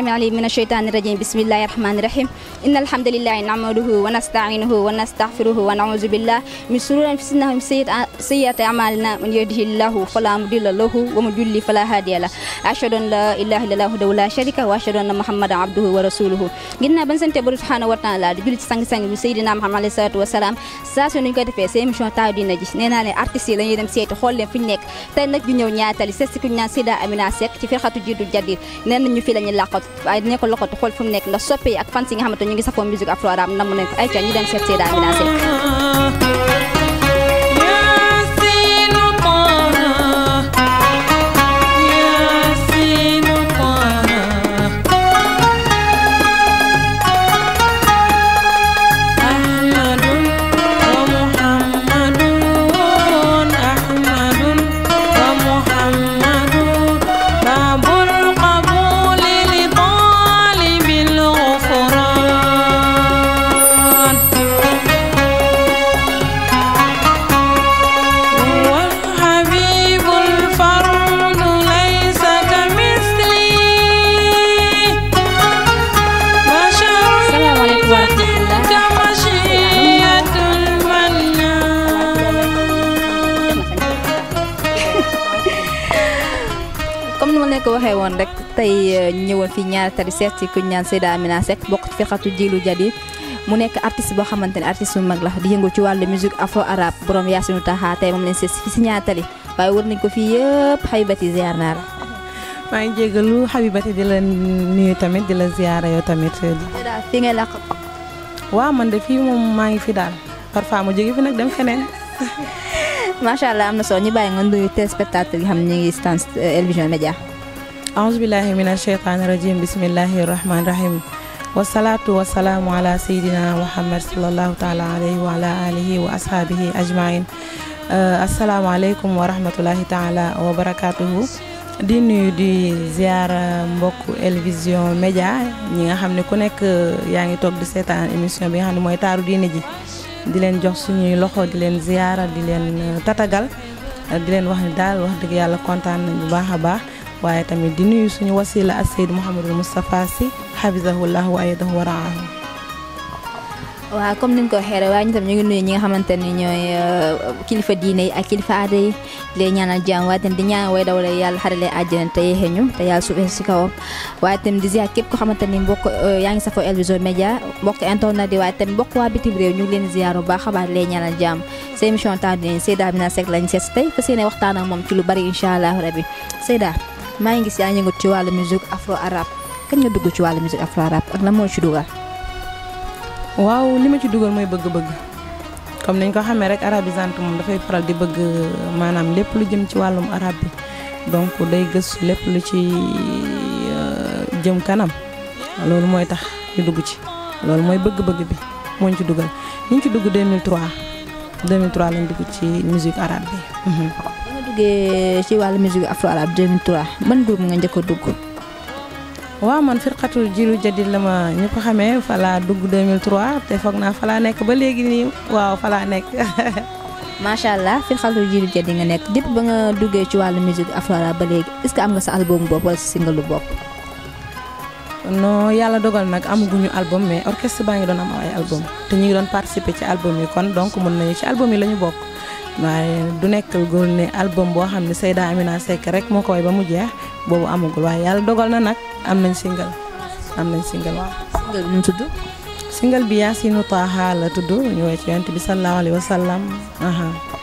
سامي علي من الشيطان الرجيم بسم الله الرحمن الرحيم إن الحمد لله نعمله ونستعينه ونستغفره ونعوذ بالله من شرور أنفسنا ومن سيئات أعمالنا من يهده الله فلا مضل له ومن يضلل فلا هادي له أشهد أن لا إله إلا الله وحده لا شريك له وأشهد أن محمدا عبده ورسوله جنا بن سنت بر سبحانه وتعالى دبل سانغ سانغ سيدنا محمد عليه الصلاة ساس نيو في سيم شو تاو دينا جيس نينا لي ارتيست لا نيدم سيتو في نيك تاي نك ني نياتالي سيسكو سيدا امينا سيك تي فيخاتو جيدو جادير نين نيو waaye dinañ ko loxatu xool fu mu nekk ndax soppe ak fans yi nga xamante ñu ngi safoo musique afro arabe namm nañ ko ay ca ñu dem seet see daa mi naa seet waxe won rek tay ñewon fi ñaar tari set ci ku ñaan Seyda Amina Seck bokku fi xatu jilu jadi mu nek artiste bo xamanteni artiste bu mag la di yëngu ci walu musique afro Arab borom Yassinu Taha tay mom lañ ses fi ñaar ñaatali waye wër nañ ko fi yëpp Habibati ziar naa la maa ngi Habibati di la nuyu tamit di la ziaré yow tamit daal fi ngay làq wa man de fi mom ma ngi fi dal parfois mu jóge fi nak dem fenen Masha allah amna so soo ñu bàyyi nga nduy téléspectateur yi xam ñi ngi stance Elvision Média ahousubillahi min asheytaani rajim bismillahi rahmani rahim wasalaatu wasalaamu ala seydina muhammad salallahu taala alayhi wa ala alihi wa ashaabihi ajmain uh, asalaamaaleykum wa rahmatullahi taala wa barakatuhu di nuyu di ziar uh, mbokk El Vision ñi nga xam ne ku nekk uh, yaa ngi toog di seetaan émission bi nga xam ne mooy taaru diine ji di leen jox suñuy loxo di leen ziar di leen tatagal di leen wax ni daal wax dëgg yàlla kontaan bu baax a baax waaye tamit di nuyu suñu wasila ak Seydou Mouhamadul Moustapha si xafisahullah wa ayadahu wa raahu waaw comme ni nga ko waxee waaye ñu tam ñu ngi nuyu ñi nga xamante ni ñooy euh, kilifa diine yi ak kilifa aada yi di ñaanal jàmm waaye tamit di ñaanal way dawle yàlla xarale àjjana te si kawam waaye tamit di ziar képp ko xamante ni mbokk euh, yaa ngi safoo El mbokk internet yi waaye mbokk waa bitim ñu ngi leen ziar bu baax xabaar leen ñaanal jàmm sa émission temps bi Seyda Amina seet si tey fas yéene waxtaan ak moom ci lu bari incha allah rabi Seyda maa ngi gis yaa ci wàllu musique afro arab kañ nga dugg ci wàllu musique afro arab ak lan moo ci dugal waaw li ma ci dugal mooy bëgg-bëgg comme nañ ko xamee rek arabisante moom dafay faral di bëgg maanaam lépp lu jëm ci wàllum arab bi donc day gëstu lépp lu ci euh, jëm kanam loolu mooy tax ñu dugg ci loolu mooy bëgg-bëgg bi mooñ ci dugal ñu ci dugg 2003 2003 lañ dugg ci musique arab bi mhm. nga duggee ci wàllu musique afro arabe 2003 man groupe nga njëkk a dugg. waaw man firqatul jilu jadid la ma ñu ko xamee falaa dugg 2003 te foog naa falaa nekk ba léegi nii waaw falaa nekk. macha allah firqatul jilu jadid nga nekk depuis ba nga duggee ci wàllu musique afro arabe ba léegi est que am nga sa album bopp wala sa single bopp. non yàlla dogal nag amaguñu album mais orchestre baa ngi doon am ay album te ñu ngi doon participer ci album yi kon donc mën nañu ci album yi la ñu bokk. waaye du nekkal gul ne album boo xam ne Seyda Amina Seck rek moo ko way ba mu jeex boobu amagul waaye yàlla dogal na nag am nañ single am nañ single waaw. single bi nu tudd. single bi Yaasiinu Taha la tudd ñu woy ci yonent bi sallallahu alayhi wa sallam.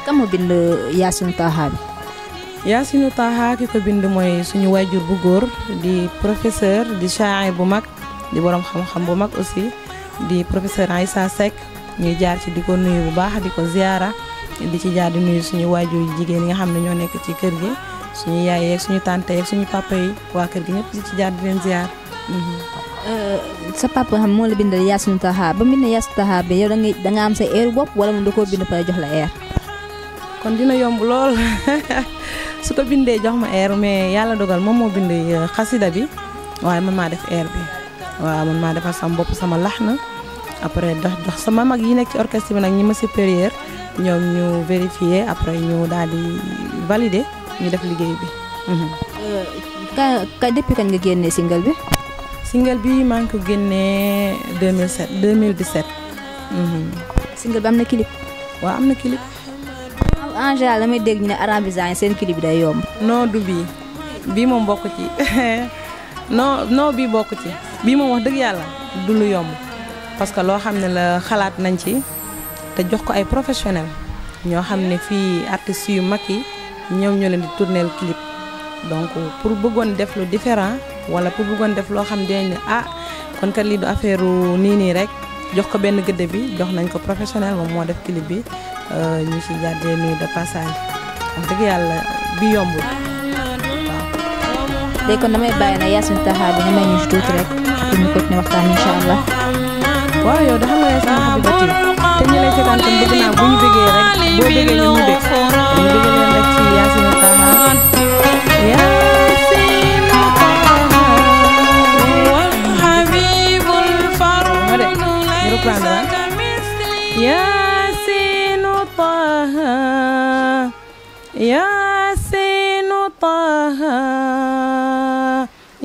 kan moo bind Yaasiinu Taha bi. Yaasiinu Taaha ki ko bind mooy suñu wajur bu góor di professeur di chaay bu mag di borom xam-xam bu mag aussi di professeur Aïssa Seck ñuy jaar ci di ko nuyu bu baax di ko di ci jaar di nuyu suñu waajur jigéen yi nga xamne ño nek ci kër gi suñu yaay ak suñu tante ak suñu papa yi wa kër gi ñepp di ci jaar di len ziar euh sa papa xam mo la bindal yaasunu taha ba bind yaasu taha be yow da nga da nga am sa air bop wala mu da bind pare jox la air kon dina yomb lol su ko bindee jox ma air mais yalla dogal mom mo bind euh, xasida bi waaye man ma def air bi waaw man ma defal sama bop sama lahna après dox dox sama mag yi nek ci orchestre bi nak ñi ma supérieur ñoom ñu vérifier après ñu daal di valider ñu def liggéey bi. Mhm. ka ka depuis kañ nga génnee single bi. single bi maa ngi ko génnee 2007 2017. Mhm. single bi am na clip. waaw am na clip. en général damay dégg ñu ne arabisant yi seen clip bi day yomb. non du bii moom bokk ci non non bii bokk ci bii moom wax dëgg yàlla du lu yomb parce que loo xam ne la xalaat nañ ci. te jox ko ay professionnel ñoo xam ne fii artistes yu mag yi ñoom ñoo leen di tourneel clip donc pour bëggoon def lu différent wala pour bëggoon def loo xam dinañ ne ah kon kat lii du affaire nii nii rek jox ko benn gëdd bi jox nañ ko professionnel moom moo def clip bi euh, ñu ci jàddee nuyu de passage wax dëgg yàlla bi yomb waaw. léegi kon damay bàyyi na Yacine Taha bi nga may ñu tuut tuuti rek pour ñu continuer waxtaan incha allah. waaw yow da xam nga ne sama xabibati te ñu lay seetaan tam bëgg naa bu ñu bëggee rek boo bëggee ñu ñu bëgg ñu bëgg leen rek ci yaasina taha yaasina taha wal habibul fardu laysa kamisli yaasina taha yaasina taha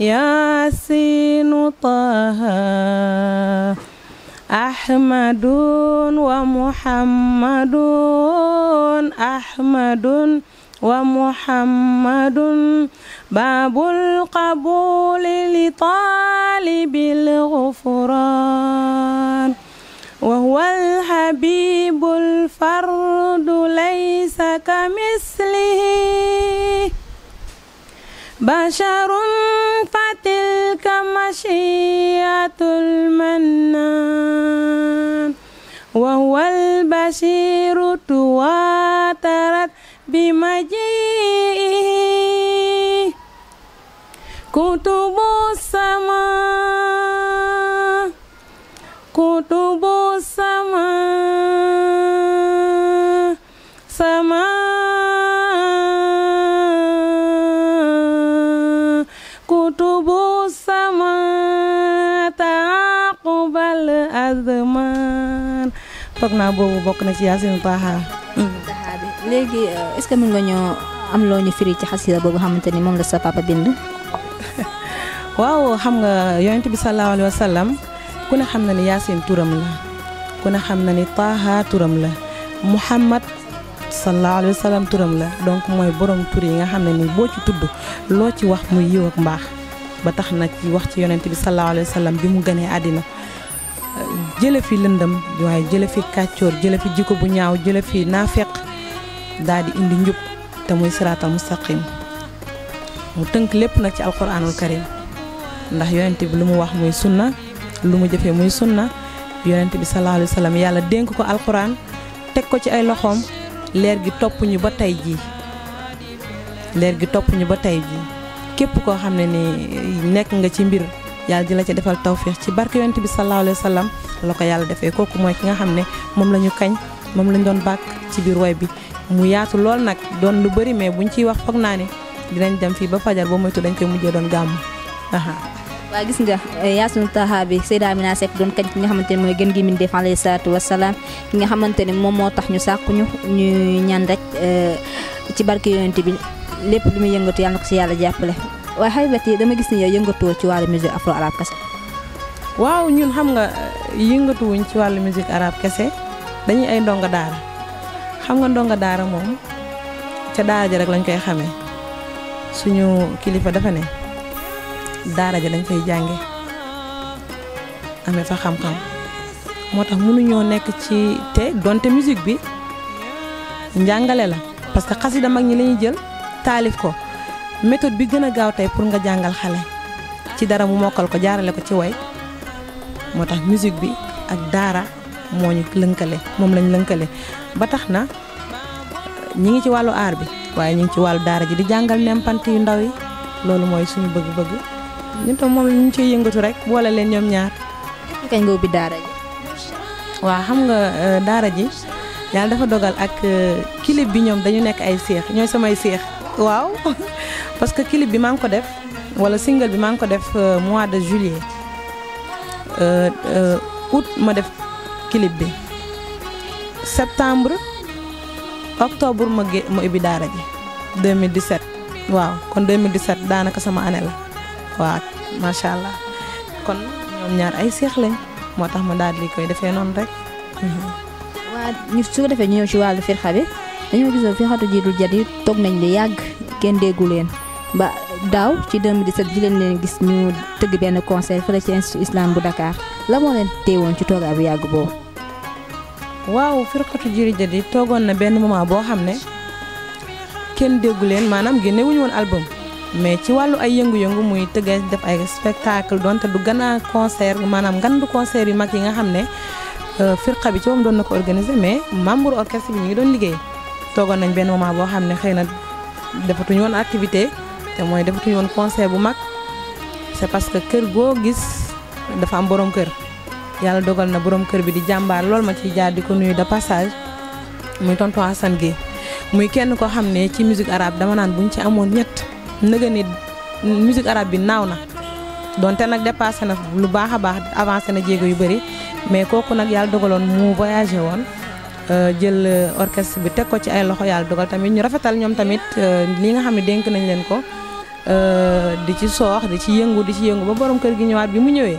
yaasina taha Ahmadun wa Muhammadun Ahmadun wa Muhammadun babul qabuli li talibil ghufran wa habibul fardu laysa kamis بشر فتلك مشيئة المنان وهو البشير تواترت بمجيئه كتب السماء toog na boobu bokk na ci yaasin taaha léegi est ce que mën nga am loo ñu firi ci xasida bobu xamanteni ni la sa papa bind waaw xam nga yonent bi sallallahu alaihi wasallam ku na xam na ni turam la ku na xam na ni taha turam la muhammad sallallahu alaihi wasallam turam la donc moy borom tur yi nga xam ne ni bo ci tuddu lo ci wax muy yew ak mbax ba tax na ci wax ci yonent bi sallallahu alaihi wasallam bi mu gane adina jële fi lëndëm waaye jële fi kàccoor jële fi jikko bu ñaaw jële fi naafeq daal di indi njub te muy siraatal mustaqim mu tënk lépp nag ci alquranul karim ndax yonent bi lu mu wax muy sunna lu mu jëfee muy sunna yonent bi sallallahu alayhi yàlla dénk ko alquran teg ko ci ay loxoom leer gi topp ñu ba tey jii leer gi topp ñu ba tey ji képp koo xam ne ni nekk nga ci mbir yalla dila ci defal tawfiq ci barke yonent bi sallallahu alayhi wasallam lako yalla defé koku moy ki nga xamné mom lañu la ñu kañ lañ doon bak ci bir roy bi mu yaatu lol nak doon lu bëri mais buñ ci wax foog naa dinañ dem fi ba fajar bo moytu dañ koy mujjé doon aha wa gis nga eh, Yaasin Taha bi Seyda Amina doon kañ ki nga xamante moy gën gi min def alayhi salatu wassalam ki nga xamante mom mo tax ñu ñu ñaan rek eh, ci barke yonent bi lepp lu yëngatu ko ci yalla waaye Habiba yi dama gis ni yow yëngatuwoo ci wàllu musique afro arabe kese. waaw ñun xam nga eh, yëngatuwuñ ci wàllu musique arabe kese dañuy ay ndonga daara xam nga ndonga daara moom ca daara ja rek lañ koy xamee suñu kilifa dafa ne daara ja dañ fay jànge amee fa xam-xam moo tax mënuñoo nekk ci te donte musique bi njàngale la parce que xasida mag ñi lañuy ñuy jël taalif ko. méthode bi gën a gaaw tey pour nga jàngal xale ci dara mu mokkal ko jaarale ko ci way moo tax musique bi ak daara moo ñu lënkale moom lañ lënkale ba tax na ñi ngi ci wàllu aar bi waaye ñu ngi ci wàllu daara ji di jàngal nempant yu ndaw yi loolu mooy suñu bëgg-bëgg ñun tam moom ñu ciy yëngatu rek boole leen ñoom ñaar. kañ nga daara waaw xam nga euh, daara ji yàlla dafa dogal ak kilib euh, bi ñoom dañu nekk ay seex ñooy samay seex waaw parce que clip bi mang ko def wala single bi mang ko def euh, mois de juillet euh, euh, août ma def clip bi septembre octobre ma mo ibi dara ji 2017 wow, kon 2017 danaka sama année wa waaw macha allah kon ñom ñaar ay cheikh lañ motax ma dal li koy defé non rek. wa ñu su defé ñu ci walu firxabe dañu gisoo firxatu ji jadi tok nañ le yag gulen. ba daaw ci di ji leen leen gis ñu tëgg benn concert fële ci institut bu Dakar la moo leen teewoon ci toog ab yàgg boobu. waaw firqatu jiri jadi toogoon na benn moment boo xam ne kenn déggu leen maanaam génnewuñu wuñu woon album mais ci wàllu ay yëngu-yëngu muy tëgg def ay spectacle donte du gannaa concert maanaam ngandu concert yu mag yi nga xam ne euh, firqa bi ci moom doon na ko organiser mais membre orchestre bi ñu ngi doon liggéey toogoon benn moment boo xam ne xëy na defatuñu woon activité. te mooy defatuñu woon concert bu mag c'est parce que kër goo gis dafa am borom kër yàlla dogal na borom kër bi di jàmbaar lool ma ciy jaar di ko nuyu de passage muy tonton Assane Gueye muy kenn koo xam ne ci musique arab dama naan buñ ci amoon ñett nëga ni arab bi naaw na donte nag dépassé na lu baax a baax avancé na jéego yu bëri mais kooku nag yàlla dogaloon mu voyagé woon euh, jël euh, orchestre bi teg ko ci ay loxo yàlla dogal tamit ñu rafetal ñoom tamit euh, li nga xam ne dénk nañ leen ko Euh, di ci soox di ci yëngu di ci yëngu ba borom kër gi ñëwaat bi mu ñëwee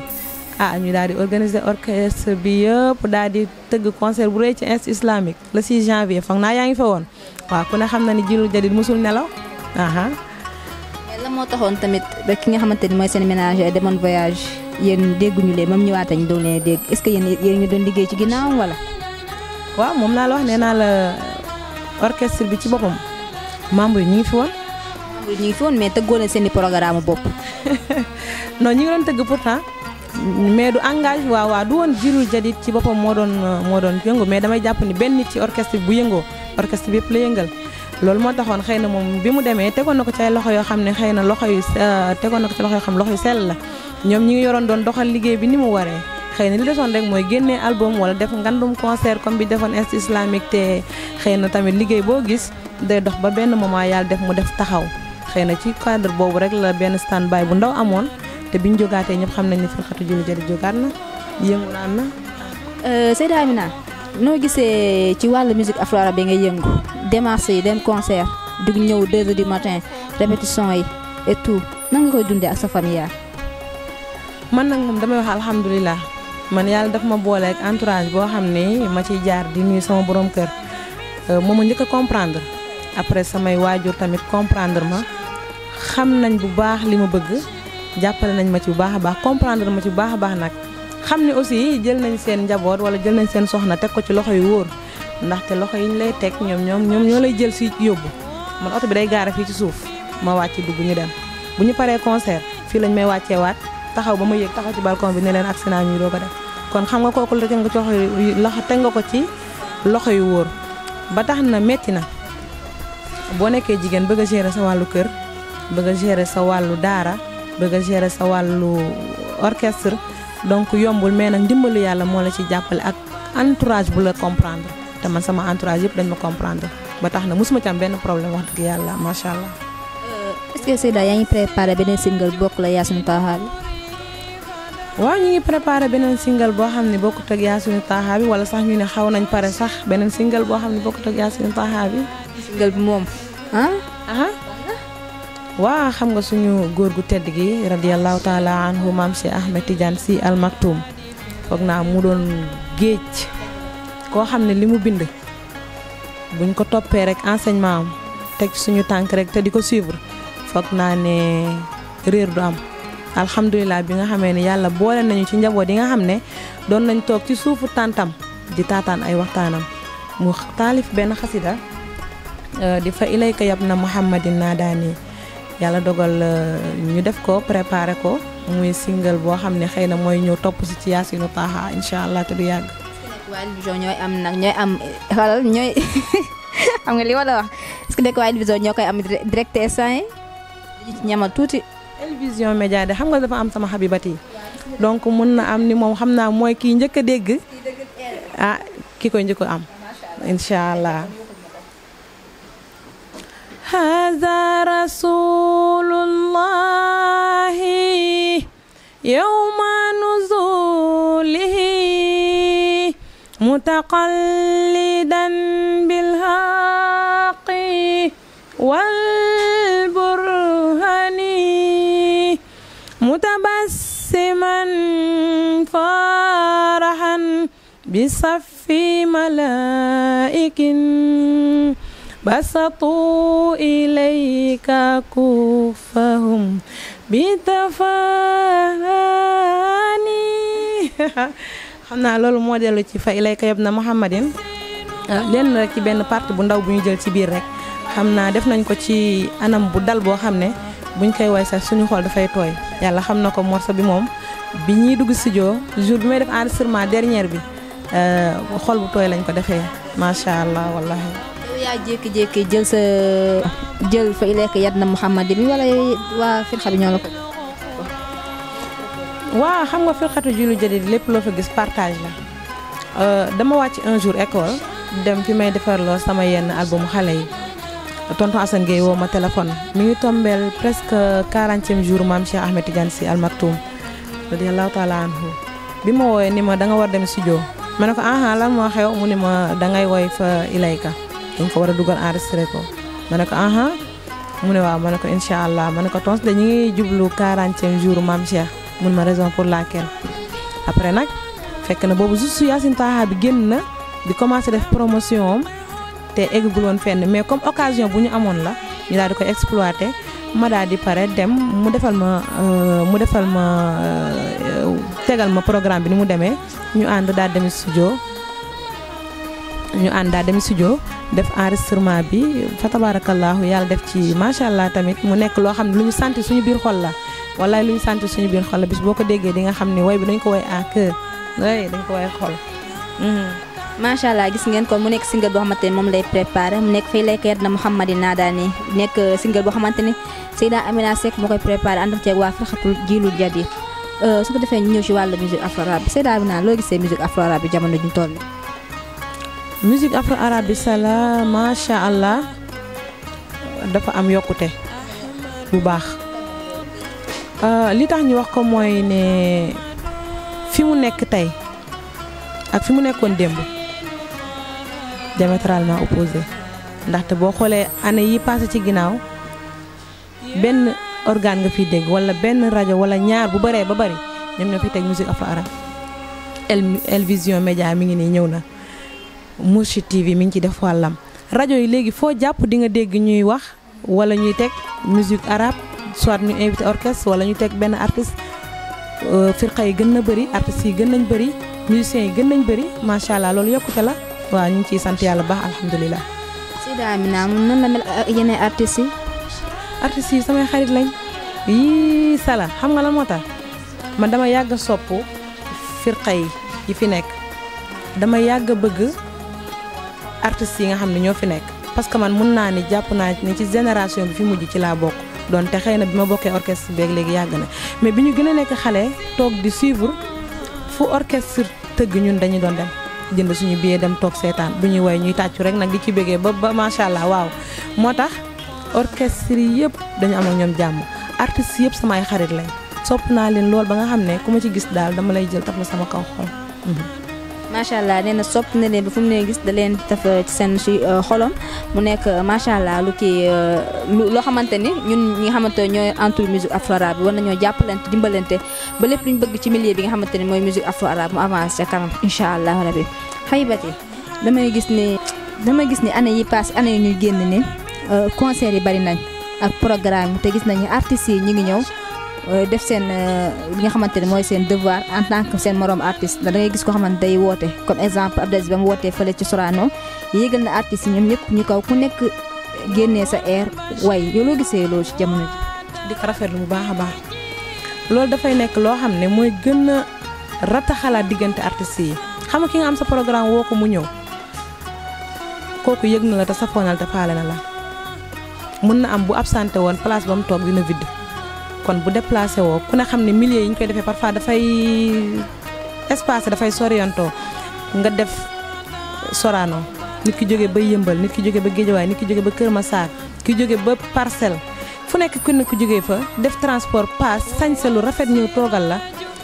ah ñu daal di organiser orchestre bi yëpp daal di tëgg concert bu rëy ci inst islamique le 6 janvier foog naa yaa ngi fa woon a ku ne xam na ni jilul jadid musul nelaw aha la moo taxoon tamit ba ki nga xamante ni mooy seen ménage demoon voyage yéen dégguñu leen moom ñëwaat ñu doon dégg est-ce que yéen yéen ngi doon liggéey ci wala. waaw moom naa la wax nee la orchestre bi ci boppam membre yi ñu ngi fi woon. ñu ngi fi woon mais tëggoon seeni seen i programme bopp. non ñu ngi doon tëgg pourtant mais du engage waawaa du woon Djirul Jadid ci boppam moo doon moo doon yëngu mais damay jàpp ni benn nit ci orchestre bu yëngoo orchestre bi yëpp la yëngal. loolu moo taxoon xëy na moom bi mu demee tegoon na ko ci loxo yoo xam ne xëy na loxo yu euh, tegoon na loxo yoo xam loxo yu sell la ñoom ñi ngi yoroon doon doxal liggéey bi ni mu waree. xëy na li desoon rek mooy génnee album wala def ngandum concert comme bi defoon est islamique te xëy na tamit liggéey boo gis day dox ba benn moment yàlla def mu def taxaw. xëy na ci cadre boobu rek la benn stand by bu ndaw amoon te biñ jogaatee ñëpp xam nañ ne firqatu julli jëri jógaat na yëngu naan na. Euh, Seyda Amina noo gisee ci wàllu musique afro arabe bi yëngu démarche yi dem concert dug ñëw 2 heures du matin répétition yi et tout nan nga koy dundee ak sa famille man nag moom damay wax alhamdulilah man yàlla def ma boole ak entourage boo xam ne ma ciy jaar di nuyu sama borom kër euh, moom a njëkk comprendre après samay waajur tamit comprendre ma. xam nañ bu baax li ma bëgg jàppale nañ ma ci bu baax a baax comprendre ma ci bu baax a baax nag xam ne aussi jël nañ seen njaboot wala jël nañ seen soxna teg ko ci loxo yu wóor ndaxte loxo yiñ lay teg ñoom ñoom ñoom ñoo lay jël si yóbbu man oto bi day gaare fii ci suuf ma wàcc dugg ñu dem bu ñu paree concert fii lañ may wàccee waat taxaw ba ma yëg taxaw ci balcon bi ne leen accident ñuy doog def kon xam nga kooku la nga ci loxo teg nga ko ci loxo yu wóor ba tax na metti na boo nekkee jigéen bëgg a gérer sa wàllu kër bëgg a sa wàllu daara bëgg a gérer sa wàllu orchestre donc yombul mais nag ndimbalu yàlla moo la ci jàppale ak entourage bu la comprendre te man sama entourage yëpp dañ ma comprendre ba tax na mosuma ci benn problème wax dëgg yàlla macha allah. Euh, est-ce que Seyda yaa ngi préparé beneen single bokk la yaa suñu taaxaa bi. waaw ñu ngi préparé beneen single boo xam ne bokkut ak yaa suñu taaxaa bi wala sax ñu ne xaw nañ pare sax beneen single boo xam ne bokkut ak yaa suñu taaxaa bi. single bi moom wa xam nga suñu góor gu tedd gi radiallahu taala anhu maam si ahmed tidiane si al maktoum foog naa mu doon géej koo xam ne li mu bind buñ ko toppee rek enseignement am teg suñu tànk rek te di ko suivre foog naa ne réer du am alhamdulilah bi nga xamee ne yàlla boole nañu ci njaboot yi nga xam ne nañ toog ci suufu tantam di taataan ay waxtaanam mu taalif benn xasida euh, di fa ilayka yab na muhammadin naadaanii yàlla dogal euh, ñu def ko préparé ko muy single boo xam ne xëy na mooy ñëw topp si ci Yaasiinu Taaha incha allah te du yàgg. waa Elvision ñooy am nag ñooy am xoolal ñooy xam nga li ma wax est ñoo koy am direct instant yi dañu ci tuuti. Elvision Média de xam nga dafa am sama xabibat yi donc mun na am ni moom xam naa mooy kii njëkk a dégg kii ah, ki koy njëkk a am incha allah. هذا رسول الله يوم نزوله متقلدا بالحق والبرهان متبسما فرحا بصف ملائك basatu ilaika kufahum. bitafani xamna lolou mo delu ci fa ilaika yabna muhammadin ah, len rek ci ben partie bu ndaw bu ñu jël ci bir rek xamna def nañ ko ci anam bu dal bo xamne buñ koy way sax suñu xol da fay toy yalla xamna ko morso bi mom bi ñi dugg jo jour bi may def enregistrement dernière bi euh xol bu toy lañ ko defé ma sha Allah wallahi ya jékki-jékki jël sa jël fa ilayka yad na muhammadin bi wala wa firxa bi ñolo la ko waaw xam nga firxatu julu jadid lepp lo fa gis partage la euh dama wacc un jour école dem fi may lo sama yenn album xalé yi tonton Assane gey wo ma téléphone mi ngi tombel presque 40e jour mam Cheikh Ahmed Tidiane si Al Maktoum radiallahu taala anhu bima woy ni ma da nga war dem studio manako aha lan mo xew mu ni ma da ngay woy fa ilayka dañ ko war a dugal enregistré ko ma ne ko aha mu ne waaw ma ne ko incha allah ma ne ko tons dañu ngi jublu quarantième jour maam cher mun ma raison pour laquelle après nag fekk na boobu juste Yacine Taha bi génn na di commencé def promotion am te eggagul woon fenn mais comme occasion bu ñu amoon la ñu daal di koy exploité ma daal di pare dem mu defal ma euh, mu defal ma euh, tegal ma programme bi ni mu demee ñu ànd daal dem studio. ñu anda dem studio def enregistrement bi fa tabarakallah yàlla def ci macha allah tamit mu nekk loo xam ne lu ñu sant suñu biir xol la wallaay lu ñu sant suñu biir xol la bis boo ko déggee di nga xam way bi dañ ko way à cœur way dañ ko way xol mhm. macha allah gis ngeen kon mu nekk single boo xamante ne moom lay préparé mu nekk fay lay kayat na mouhamadi naadaani nekk single boo xamante ne seyda amina sek moo koy préparé ànd ceeg waa firxatul jiilu jadi euh, su ko defee ñu ñëw ci wàllu musique afro rap bi seyda amina loo gisee musique afro rap bi jamono toll musique afro arabisa la macha allah dafa am yokkute bu baax euh, li tax ñu wax ko moy ne fi mu nekk tay ak fi mu nekkon demb diamétralement opposé ndaxte bo xolé année yi passé ci ginaaw ben organe nga fi dégg wala ben raja wala ñaar bu bëree ba bëri ñoom ñoo fi musique afro arabe El Vision Média mi ngi ni ñëw na Mourchid TV mi ngi ci def wàllam rajo yi léegi foo jàpp dinga dégg ñuy wax wala ñuy teg musique arabe soit ñu invité orchestre wala ñu teg benn artiste euh, firqa yi gën na bëri artistes yi gën nañ bëri musiciens yi gën nañ bëri macha allah loolu yokkute la waaw ñu ngi ciy sant yàlla baax alhamdulilah. naa Amina nan la mel yeneen artistes yi. artistes yi samay xarit lañ yii sala xam nga la moo tax man dama yàgg a sopp firqa yi fi nekk dama yàgg a bëgg. artistes yi nga xam ne ñoo fi nekk parce que man mun naa ni jàpp naa ni ci génération bi fi mujj ci laa bokk doon te xëy na bi ma bokkee orchestre beeg léegi yàgg na mais bi ñu gën a nekk xale toog di suivre fu orchestre tëgg ñun dañu doon dem jënd suñu billet dem toog seetaan bu ñuy woy ñuy tàccu rek nag di ci bëggee ba ba macha allah waaw moo tax orchestre yi yëpp dañu am ak ñoom jàmm artistes yëpp samay xarit lañ sopp naa leen lool ba nga xam ne ku ma ci gis daal dama lay jël taf la sama kaw macha allah nee na sopp na leen ba fu mu ne gis da leen taf ci eh, seen si eh, xolom mu nekk eh, macha allah lu kii loo xamante ni ñun ñi nga xamante ñooy entour musique afro arabe bi war nañoo jàppalante dimbalante ba lépp luñ bëgg ci millier bi nga xamante ni mooy musique afro arabe mu avancé ca kanam incha allah rabi xaybati damay gis ni damay gis ni année yi passé année yi ñuy génn ni concert yi bari nañ ak programme te gis nañu artistes yi ñu ngi ñëw Euh, def seen euh, li nga xamante ne mooy seen devoir en tant que seen morom artiste da ngay gis koo xamante day woote comme exemple Abdou Aziz ba mu wootee fële ci Sorano yégal na artistes yi ñoom ñëpp ñu kaw ku nekk génnee sa air way yow loo gisee loolu ci jamono ji. di ko bu baax a baax loolu dafay nekk loo xam ne mooy gën a rataxalaat diggante artistes yi xam ki nga am sa programme woo mu ñëw kooku yëg na la te na la mën na am bu absenté woon place ba mu toog dina vide. kon bu déplacé woo ku ne xam ne milieu yi ñu koy defee parfois dafay espace dafay soriyantoo nga def Sorano nit ki jóge ba Yëmbal nit ki jóge ba Géejawaay nit ki jóge ba Kër Massar ki jóge ba Parcelles fu nekk ku ne ku jógee fa def transport paas sañse lu rafet ñëw toogal la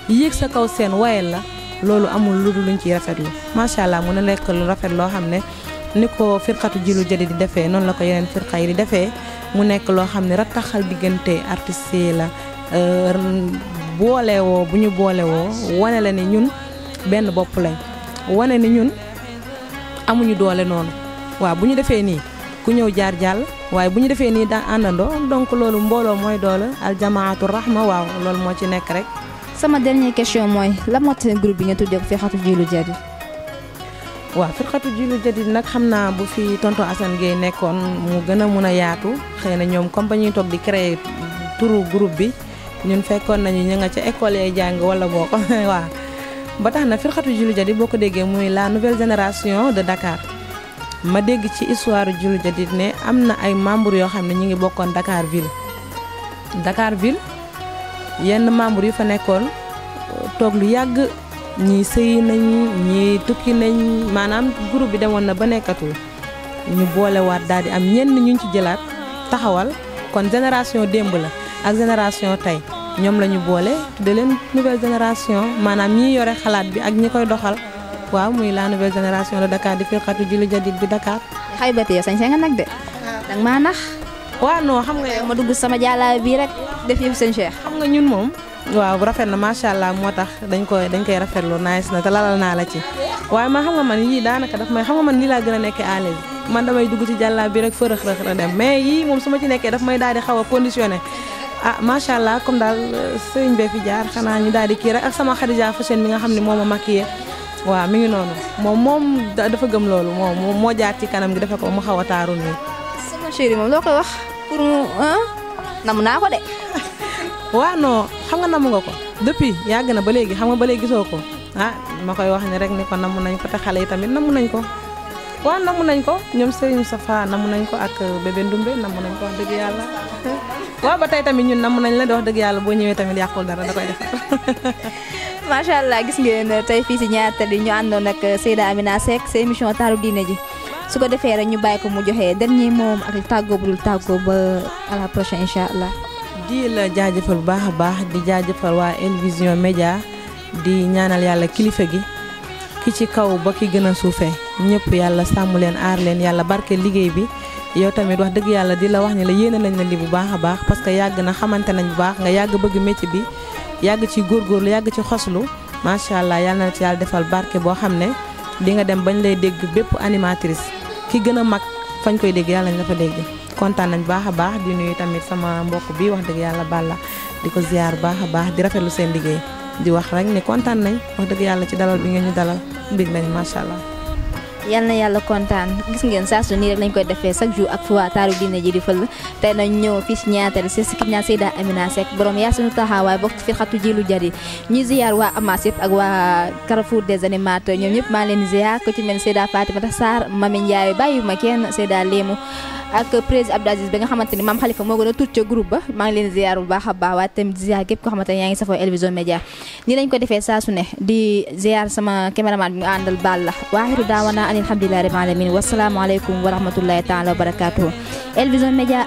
yéeg sa kaw seen wayal la loolu amul lu dul luñ rafet rafetlu macha allah mu ne lekk lu rafet loo xam ne ni ko firqatu jilu jadi di defee noonu la ko yeneen firqa yi di defee. mu nekk loo xam ne rattaxal diggante artistes yi la euh, boolewoo bu ñu boolewoo wane la ne ñun benn bopp lañ wane ni ñun amuñu doole noonu waaw bu ñu defee nii ku ñëw jaar jàll waaye bu ñu defee nii daa àndandoo donc loolu mbooloo mooy doole aljamaatu rahma waaw loolu moo ci nekk rek. sama dernière question mooy la mot groupe bi nga tuddee ko fi xatu jiilu yi waaw firqatu ji lu jadid nag xam naa bu fi tonton Assane Gueye nekkoon mu gën a mun a yaatu xëy na ñoom comme ba ñuy toog di créer tour groupe bi ñun fekkoon nañu ñu nga ca école yay jàng wala boo ko waaw ba tax na firqatu ji lu boo ko déggee muy la nouvelle génération de Dakar ma dégg ci histoire ji lu ne am na ay membres yoo xam ne ñu ngi bokkoon Dakar ville Dakar ville yenn membres yu fa nekkoon toog lu yàgg ñii sëyi nañ ñii tukki nañ maanaam groupe bi demoon na ba nekkatul ñu boolewaat daal di am ñenn ñu ci jëlaat taxawal kon génération démb la ak génération tey ñoom la boole de leen nouvelle génération maanaam ñi yore xalaat bi ak ñi koy doxal waaw muy la nouvelle génération la Dakar di firqatu julli jadid bi Dakar. xay ba tey sañ nga nag de. danga maa nax. waaw non xam nga yow ma dugg sama jàllale bii rek def yëf sëñ Cheikh. xam nga ñun moom. waaw rafet na macha allah moo tax dañ koy dañ koy rafetlu nice na te lalal naa la ci waaye ma xam nga man yii daanaka daf may xam nga man nii laa gën a nekkee à l'aise man damay dugg ci jàllaa bi rek fërëx rëx la dem mais yii moom su ma ci nekkee daf may daal di xaw a conditionné ah macha allah comme daal euh, sëriñ bee fi jaar xanaa ñu daal di kii rek ak sama Khadija Fashion ni nga xam ne moo ma maquillé waaw mi ngi noonu moom moom dafa gëm loolu moom moo jaar ci kanam gi dafa ko mu xaw a taaru nii. sama chéri moom loo koy wax naa ko de. waaw noo xam nga namu nga ko depuis yàgg na ba léegi xam nga ba léegi gisoo ko ah ma koy wax ni rek ni ko namu nañ ko te xale yi tamit namu nañ ko waaw namu nañ ko ñoom Serigne Safa namu nañ ko ak bébé Ndumbe namu nañ ko wax dëgg yàlla waaw ba tey tamit ñun namu nañ la di wax dëgg yàlla boo ñëwee tamit yàqul dara da koy def macha allah gis ngeen tey fii si Niary Tally ñu àndoon ak Seyda Amina Seck sa émission taaru diine ji su ko defee rek ñu bàyyi ko mu joxe dernier moom ak tàggoo bu dul tàggoo ba à la prochaine incha allah di la jaajëfal bu baax a baax di jaajëfal waa Elvision Média di ñaanal yàlla kilifa gi ki ci kaw ba ki gën a suufee ñëpp yàlla sàmm leen aar leen yàlla barke liggéey bi yow tamit wax dëgg yàlla di la wax ni la yéene nañ la li bu baax a baax parce que yàgg na xamante nañ bu baax nga yàgg bëgg métier bi yàgg ci góorgóorlu yàgg ci xoslu macha allah yàlla na ci yàlla defal barke boo xam ne dinga dem bañ lay dégg bépp animatrice ki gën a mag fañ koy dégg yàlla nañ la dégg. kontaan nañ baaxa baax di nuyu tamit sama mbokk bi wax dëgg yàlla Balla di ko ziar baaxa baax di rafetlu seen liggéey di wax rek ne kontaan nañ wax dëgg yàlla ci dalal bi nga ñu dalal bég nañ macha allah. yal na yàlla kontaan gis ngeen saa su nii rek lañ koy defee chaque jour ak fois taaru diine ji di fël tey nañ ñëw fii si ñaatal si si kibnaa Seyda Amina sek borom yaa suñu taxawaay bokk ci firxatu jilu jari ñuy ziar waa Amas yëpp ak waa Carrefour des animateurs ñoom ñëpp maa leen ziar ko ci mel Seyda Fatima sar Mami Ndiaye bàyyi ma kenn Seyda Lému ak président Abdou Aziz bi nga xamante ni maam Khalifa moo gën a ziar bu baax a baax waaye tamit ziar képp koo xamante ni yaa ngi safoo ko defee saa su ne di ziar sama caméraman bi nga àndal baal la waaxiru daawana an alhamdulilahi alamin wasalaamaaleykum wa rahmatullahi taala wa barakatuhu El Vision Médias